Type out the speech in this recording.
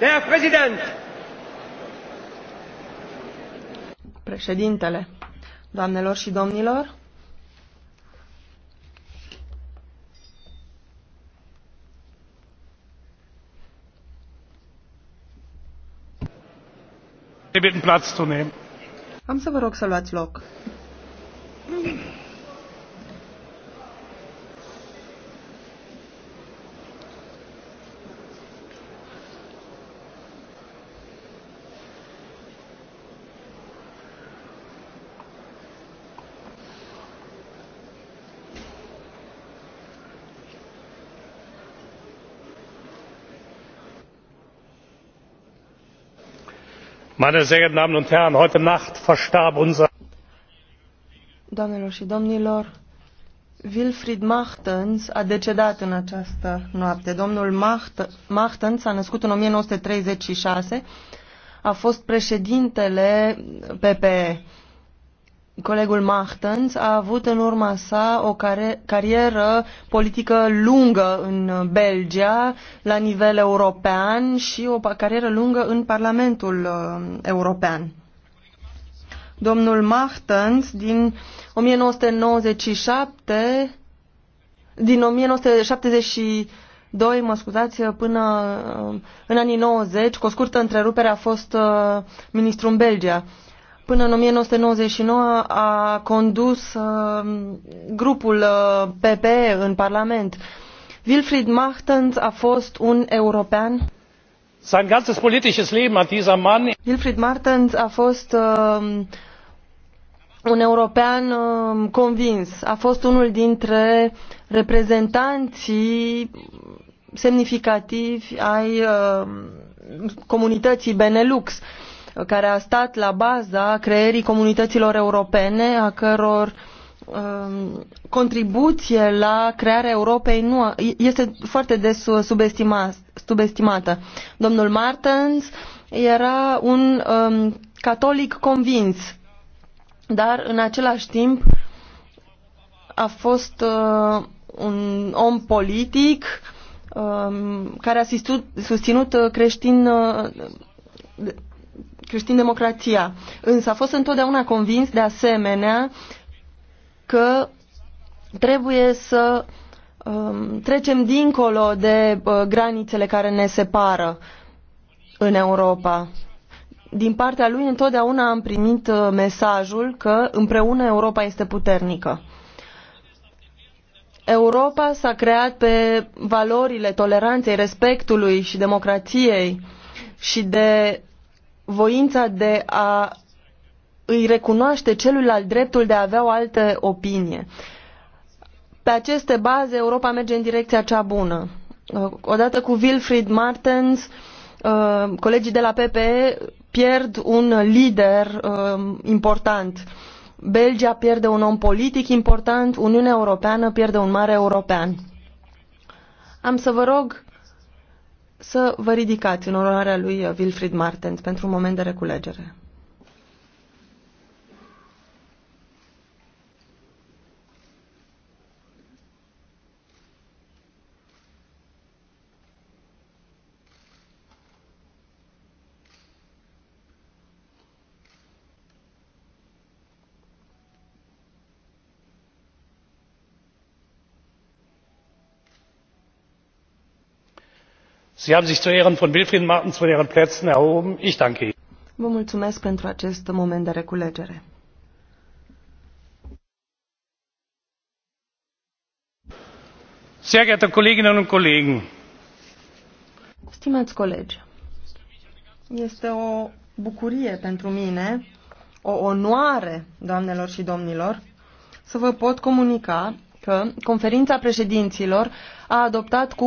Der Präsident! Președintele, doamnelor și domnilor, Am să vă rog să luați loc. meine sehr geehrten damen und herren! heute nacht verstarb unser. doamnelor și domnilor wilfried martens a decedat în această noapte. domnul martens s a născut în 1936 a fost președintele ppe Colegul Mahtens a avut în urma sa o care, carieră politică lungă în Belgia, la nivel european și o carieră lungă în Parlamentul uh, European. Domnul Mahtens, din 1997 din 1972, mă scuzați, până uh, în anii 90, cu o scurtă întrerupere a fost uh, ministru în Belgia. Până în 1999 a condus uh, grupul uh, PPE în Parlament. Wilfried Machtens a fost un european. Sein ganzes politisches Leben hat dieser Mann. Wilfried Martens a fost uh, un european uh, convins. A fost unul dintre reprezentanții semnificativi ai uh, comunității Benelux. Uh, care a stat la baza creierii comunităților europene, a căror um, contribuție la crearea Europei nu este foarte des subestimată. Domnul Martens era un um, catolic convins, dar în același timp a fost uh, un om politic um, care a susținut uh, creștin uh, creștin democrația. Însă a fost întotdeauna convins de asemenea că trebuie să um, trecem dincolo de uh, granițele care ne separă în Europa. Din partea lui întotdeauna am primit uh, mesajul că împreună Europa este puternică. Europa s-a creat pe valorile toleranței, respectului și democrației și de voința de a îi recunoaște celuilalt dreptul de a avea o altă opinie. Pe aceste baze, Europa merge în direcția cea bună. Uh, odată cu Wilfried Martens, uh, colegii de la PPE pierd un lider uh, important. Belgia pierde un om politic important, Uniunea Europeană pierde un mare european. Am să vă rog să vă ridicați în onoarea lui uh, Wilfried Martens pentru un moment de reculegere. sie haben sich zu ehren von wilfried martens von ihren plätzen erhoben. ich danke ihnen. vă mulțumesc pentru acest moment de reculegere. sehr geehrte kolleginnen und kollegen! stimați colegi este o bucurie pentru mine o onoare doamnelor și domnilor să vă pot comunica că conferința președinților a adoptat cu